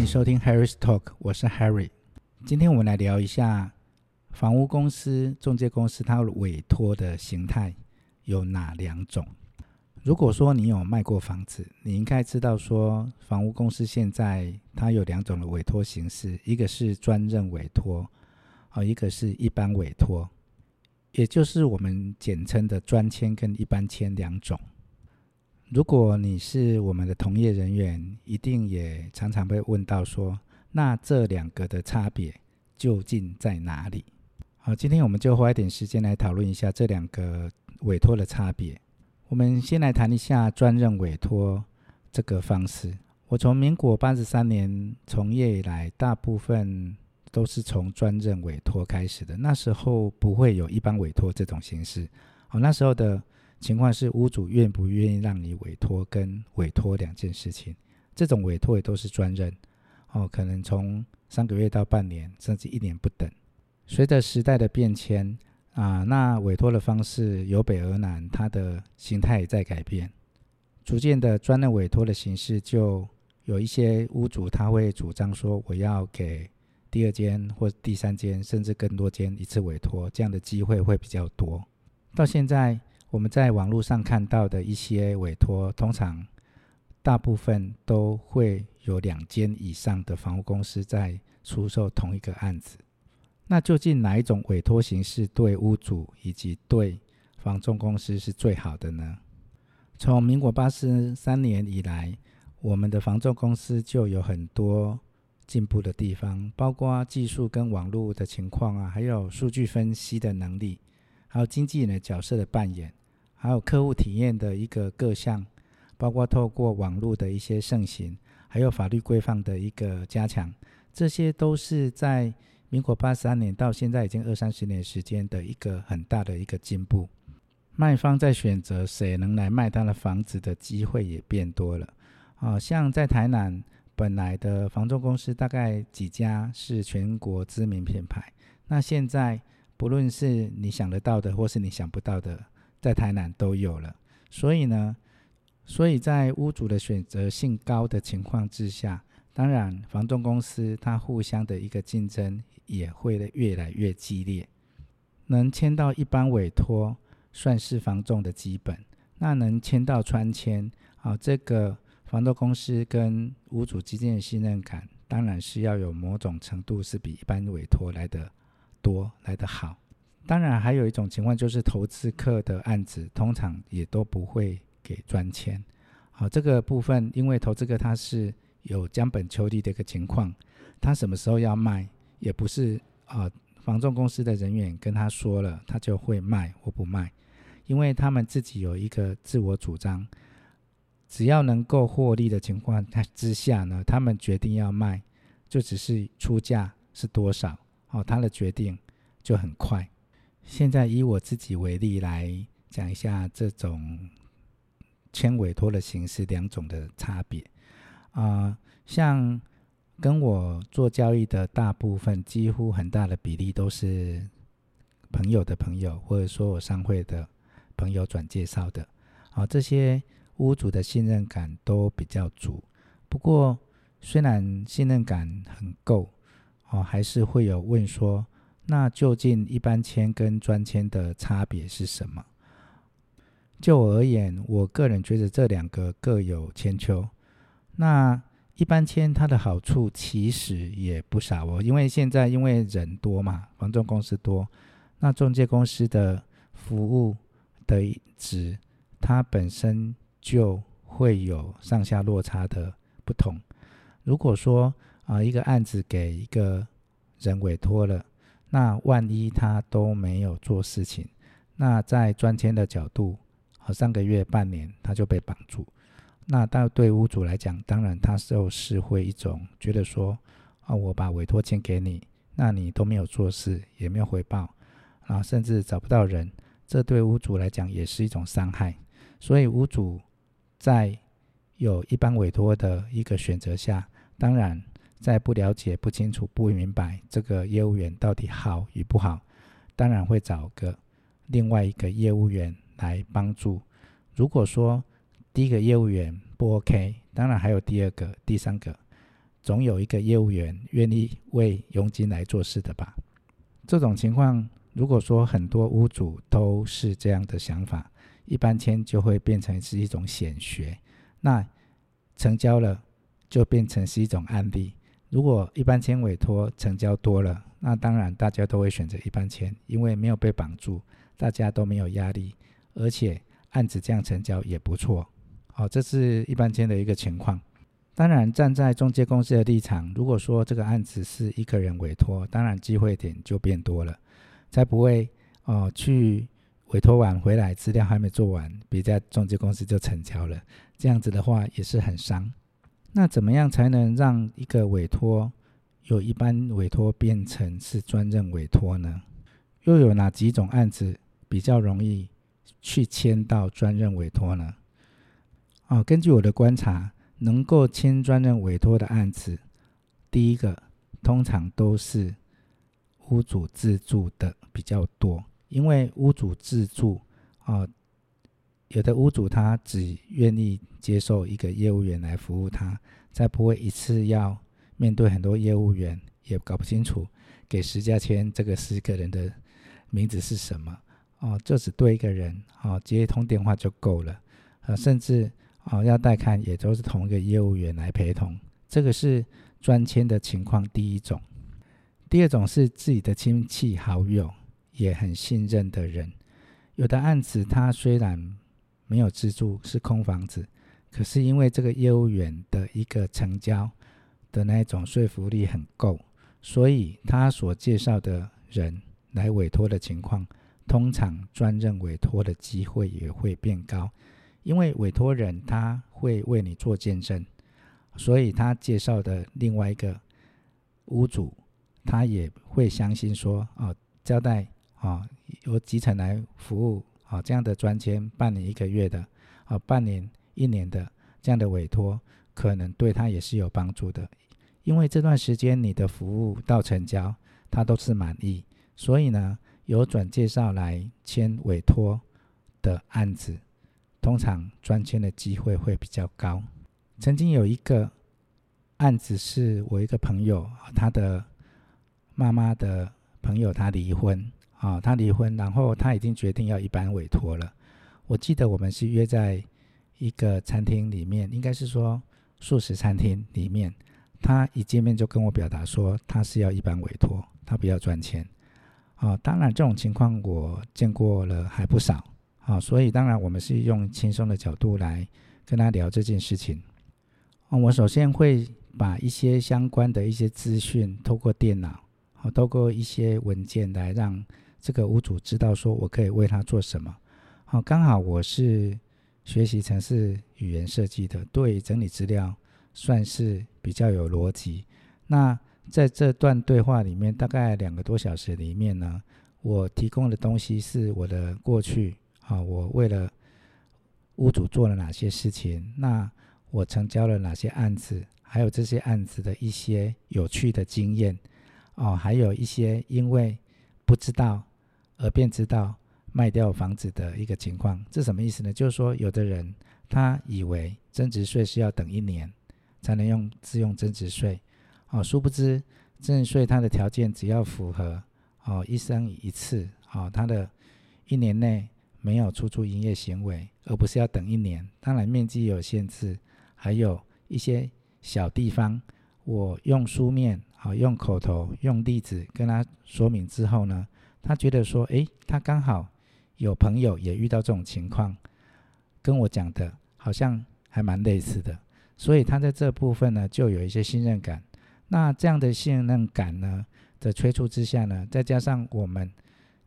你收聽 Harry's Talk，我是 Harry。今天我們來聊一下房屋公司、仲介公司它委託的形態有哪兩種。如果說你有賣過房子，你應該知道說房屋公司現在它有兩種的委託形式，一個是專任委託，啊，一個是一般委託，也就是我們簡稱的專簽跟一般簽兩種。如果你是我們的同業人員，一定也常常被問到說，那這兩個的差別究竟在哪裡？好，今天我們就花一點時間來討論一下這兩個委託的差別。我們先來談一下專任委託這個方式。我從民國八十三年從業以來，大部分都是從專任委託開始的。那時候不會有一般委託這種形式。好，那時候的。情況是屋主願不願意讓你委託，跟委託兩件事情。這種委託也都是專任哦，可能從三個月到半年，甚至一年不等。隨着時代的變遷啊、呃，那委託的方式由北而南，它的形態也在改變。逐漸的，專任委託的形式，就有一些屋主他會主張說：“我要給第二間或第三間，甚至更多間一次委託。”這樣的機會會比較多。到現在。我們在網絡上看到的一些委託，通常大部分都會有兩間以上的房屋公司在出售同一個案子。那究竟哪一種委託形式對屋主以及對房仲公司是最好的呢？從民國八十三年以來，我們的房仲公司就有很多進步的地方，包括技術跟網絡的情況啊，還有數據分析的能力，還有經紀人的角色的扮演。還有客戶體驗的一個各項，包括透過網絡的一些盛行，還有法律規範的一個加強，這些都是在民國八十三年到現在已經二三十年時間的一個很大的一個進步。賣方在選擇誰能來賣他的房子的機會也變多了。啊，像在台南，本來的房仲公司大概幾家是全國知名品牌，那現在不論是你想得到的或是你想不到的。在台南都有了，所以呢，所以在屋主的選擇性高的情況之下，當然，房仲公司它互相的一個競爭也會越來越激烈。能簽到一般委託算是房仲的基本，那能簽到專簽啊，這個房仲公司跟屋主之間的信任感，當然是要有某種程度是比一般委託來得多，來得好。當然，還有一種情況就是投資客的案子，通常也都不會給專簽。好，這個部分因為投資客他是有將本求利的一個情況，他什麼時候要賣，也不是啊，房仲公司的人員跟他說了，他就會賣，或不賣，因為他們自己有一個自我主張，只要能夠獲利的情況之下呢，他們決定要賣，就只是出價是多少，好，他的決定就很快。現在以我自己為例來講一下這種簽委托的形式兩種的差別啊、呃，像跟我做交易的大部分，幾乎很大的比例都是朋友的朋友，或者說我商會的朋友轉介紹的啊、呃，這些屋主的信任感都比較足。不過雖然信任感很夠哦、呃，還是會有問說。那究竟一般簽跟專簽的差別是什麼？就我而言，我個人覺得這兩個各有千秋。那一般簽它的好處其實也不少哦，因為現在因為人多嘛，房仲公司多，那仲介公司的服務的值，它本身就會有上下落差的不同。如果說啊、呃，一個案子給一個人委託了。那萬一他都沒有做事情，那在專簽的角度，和三個月半年他就被綁住。那到對屋主來講，當然他就是，是會一種覺得說，哦，我把委托簽給你，那你都沒有做事，也沒有回報，啊甚至找不到人，這對屋主來講也是一種傷害。所以屋主在有一般委托的一個選擇下，當然。在不了解、不清楚、不明白這個業務員到底好與不好，當然會找個另外一個業務員來幫助。如果說第一個業務員不 OK，當然還有第二個、第三個，總有一個業務員願意為佣金來做事的吧？這種情況，如果說很多屋主都是這樣的想法，一般簽就會變成是一種顯學，那成交了就變成是一種案例。如果一般簽委托成交多了，那當然大家都會選擇一般簽，因為沒有被綁住，大家都沒有壓力，而且案子這樣成交也不錯。哦，這是一般簽的一個情況。當然，站在仲介公司的立場，如果說這個案子是一個人委托，當然機會點就變多了，才不會哦去委托完回來資料還沒做完，別家仲介公司就成交了，這樣子的話也是很傷。那怎麼樣才能讓一個委託由一般委託變成是專任委託呢？又有哪幾種案子比較容易去簽到專任委託呢？啊、哦，根據我的觀察，能夠簽專任委託的案子，第一個通常都是屋主自住的比較多，因為屋主自住啊。哦有的屋主他只願意接受一個業務員來服務他，才不會一次要面對很多業務員，也搞不清楚給十家簽這個十個人的名字是什麼哦。就只對一個人哦，接通電話就夠了呃，甚至啊，要帶看也都是同一個業務員來陪同。這個是專簽的情況第一種。第二種是自己的親戚好友也很信任的人，有的案子他雖然。沒有自住，是空房子，可是因為這個業務員的一個成交的那一種說服力很夠，所以他所介紹的人來委託的情況，通常專任委託的機會也會變高，因為委託人他會為你做見證，所以他介紹的另外一個屋主，他也會相信說哦，交代哦，由吉成來服務。啊，這樣的專簽半年一個月的，啊，半年、一年的這樣的委託，可能對他也是有幫助的，因為這段時間你的服務到成交，他都是滿意，所以呢，由轉介紹來簽委託的案子，通常專簽的機會會比較高。曾經有一個案子，是我一個朋友，他的媽媽的朋友，他離婚。啊，他離婚，然後他已經決定要一般委託了。我記得我們是約在一個餐廳裡面，應該是說素食餐廳裡面。他一見面就跟我表達說，他是要一般委託，他不要專簽。啊，當然這種情況我見過了還不少。啊，所以當然我們是用輕鬆的角度來跟他聊這件事情。啊，我首先會把一些相關的一些資訊透過電腦，啊，透過一些文件來讓。這個屋主知道說我可以為他做什麼，哦，剛好我是學習程式語言設計的，對整理資料算是比較有邏輯。那在這段對話裡面，大概兩個多小時裡面呢，我提供的東西是我的過去，啊，我為了屋主做了哪些事情，那我成交了哪些案子，還有這些案子的一些有趣的經驗，哦，還有一些因為不知道。而便知道賣掉房子的一個情況，這什麼意思呢？就是說，有的人他以為增值稅是要等一年才能用自用增值稅，哦，殊不知增值稅它的條件只要符合哦，一生一次哦，他的一年內沒有出租營業行為，而不是要等一年。當然面積有限制，還有一些小地方，我用書面、哦用口頭、用地址跟他說明之後呢。他覺得說，誒，他剛好有朋友也遇到這種情況，跟我講的，好像還蠻類似的，所以他在這部分呢，就有一些信任感。那這樣的信任感呢，在催促之下呢，再加上我們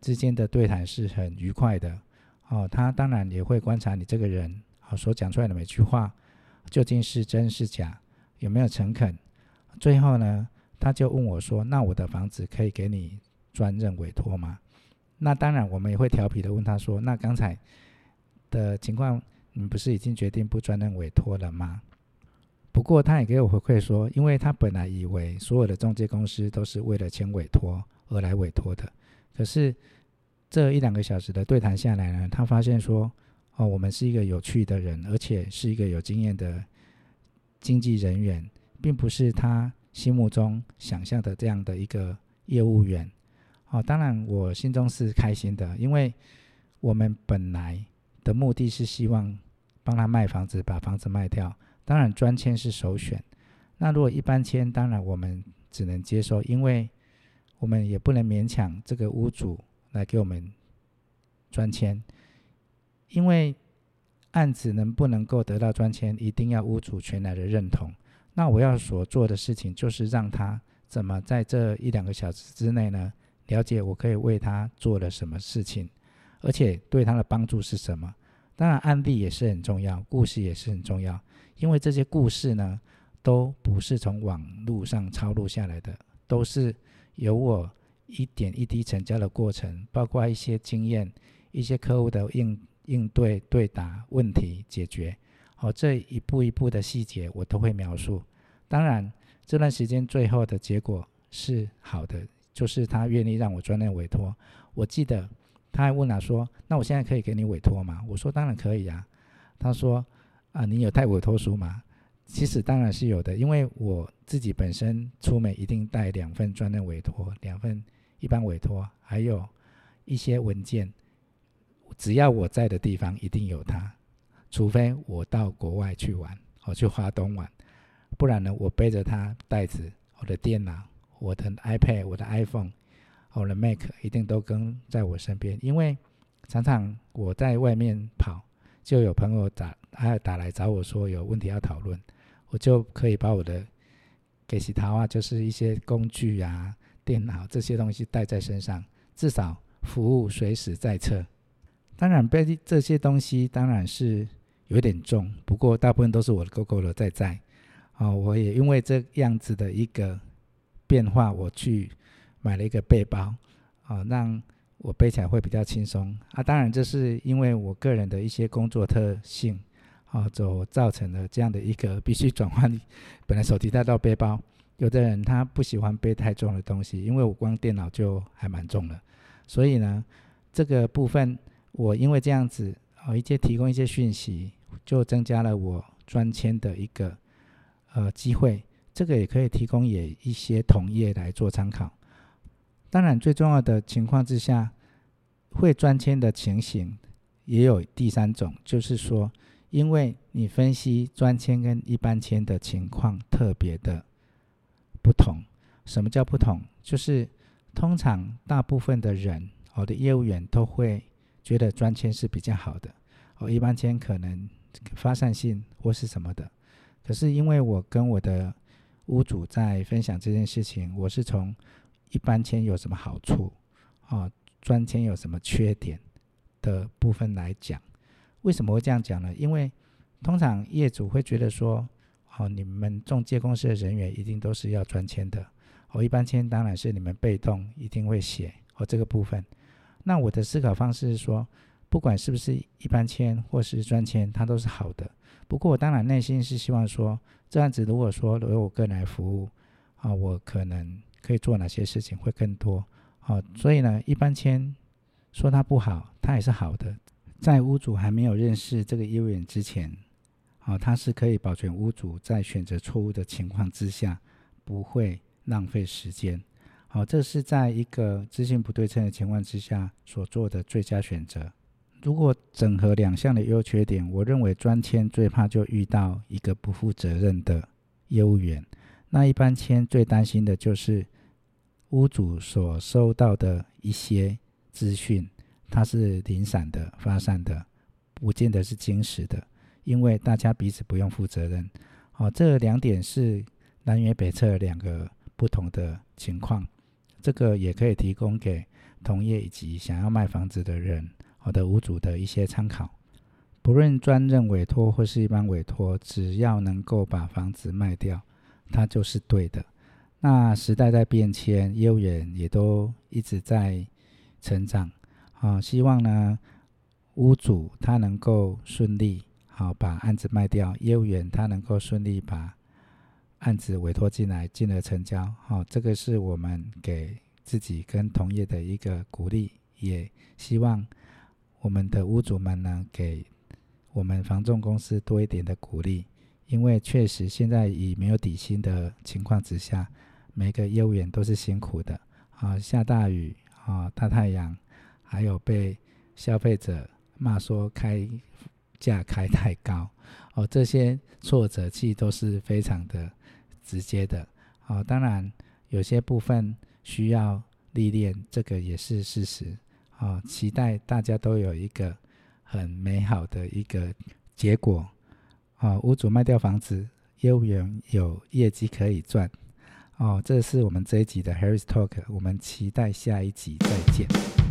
之間的對談是很愉快的，哦，他當然也會觀察你這個人，啊，所講出來的每句話，究竟是真是假，有沒有誠懇。最後呢，他就問我說，那我的房子可以給你專任委託嗎？那當然，我們也會調皮地問他說：“那剛才的情況，你不是已經決定不專任委託了嗎？”不過，他也給我回饋說：“因為他本來以為所有的仲介公司都是為了簽委託而來委託的，可是這一兩個小時的對談下來呢，他發現說：‘哦，我們是一個有趣的人，而且是一個有經驗的經紀人員，並不是他心目中想象的這樣的一個業務員。’”哦，當然，我心中是開心的，因為我們本來的目的是希望幫他賣房子，把房子賣掉。當然，專簽是首選。那如果一般簽，當然我們只能接受，因為我們也不能勉強這個屋主來給我們專簽，因為案子能不能夠得到專簽，一定要屋主全來的認同。那我要所做的事情，就是讓他怎麼在這一兩個小時之內呢？了解，我可以為他做了什麼事情，而且對他的幫助是什麼？當然，案例也是很重要，故事也是很重要，因為這些故事呢，都不是從網路上抄錄下來的，都是由我一點一滴成交的過程，包括一些經驗、一些客戶的應應對、對答問題解決，好，這一步一步的細節我都會描述。當然，這段時間最後的結果是好的。就是他願意讓我專任委托，我記得他還問我說：“那我現在可以給你委托嗎？”我說：“當然可以啊。”他說：“啊，你有帶委托書嗎？”其實當然是有的，因為我自己本身出門一定帶兩份專任委托，兩份一般委托，還有一些文件，只要我在的地方一定有它，除非我到國外去玩，我去華東玩，不然呢，我背着他袋子我的電腦。我的 iPad、我的 iPhone、我的 Mac 一定都跟在我身邊，因為常常我在外面跑，就有朋友打，還有打來找我說有問題要討論，我就可以把我的給其桃啊，就是一些工具啊、電腦這些東西帶在身上，至少服務隨時在側。當然，被這些東西當然是有點重，不過大部分都是我 GoGo 的在載啊在，哦。我也因為這樣子的一個。變化，我去買了一個背包啊，讓我背起來會比較輕鬆啊。當然，這是因為我個人的一些工作特性啊，所造成的這樣的一個必須轉換，本來手提袋到背包。有的人他不喜歡背太重的東西，因為我光電腦就還蠻重的。所以呢，這個部分我因為這樣子啊，一些提供一些訊息，就增加了我專簽的一個呃機會。這個也可以提供也一些同業來做參考。當然，最重要的情況之下，會專簽的情形也有第三種，就是說，因為你分析專簽跟一般簽的情況特別的不同。什麼叫不同？就是通常大部分的人，我的業務員都會覺得專簽是比較好的，我一般簽可能發散性或是什麼的。可是因為我跟我的屋主在分享這件事情，我是從一般簽有什麼好處，啊，專簽有什麼缺點的部分來講。為什麼會這樣講呢？因為通常業主會覺得說，哦，你們仲介公司的人員一定都是要專簽的。我一般簽當然是你們被動，一定會寫哦這個部分。那我的思考方式是說。不管是不是一般簽或是專簽，它都是好的。不過，我當然內心是希望說，這樣子如果說由我個人來服務，啊、呃，我可能可以做哪些事情會更多？啊、呃，所以呢，一般簽說它不好，它也是好的。在屋主還沒有認識這個業務員之前，啊、呃，它是可以保全屋主在選擇錯誤的情況之下不會浪費時間。好、呃，這是在一個資訊不對稱的情況之下所做的最佳選擇。如果整合兩項的優缺點，我認為專簽最怕就遇到一個不負責任的業務員。那一般簽最擔心的就是屋主所收到的一些資訊，它是零散的、發散的，不見得是真實的，因為大家彼此不用負責任。好、哦，這兩點是南轅北轍兩個不同的情況。這個也可以提供給同業以及想要賣房子的人。好的，屋主的一些參考，不論專任委託或是一般委託，只要能夠把房子賣掉，它就是對的。那時代在變遷，業務員也都一直在成長。好、哦，希望呢屋主他能夠順利好把案子賣掉，業務員他能夠順利把案子委託進來，進而成交。好、哦，這個是我們給自己跟同業的一個鼓勵，也希望。我們的屋主們呢，給我們房仲公司多一點的鼓勵，因為確實現在已沒有底薪的情況之下，每個業務員都是辛苦的啊、哦，下大雨啊、哦，大太陽，還有被消費者罵說開價開太高哦，這些挫折其實都是非常的直接的啊、哦。當然，有些部分需要歷練，這個也是事實。期待大家都有一個很美好的一個結果啊！屋主賣掉房子，業務員有業績可以賺哦。這是我們這一集的 Harris Talk，我們期待下一集再見。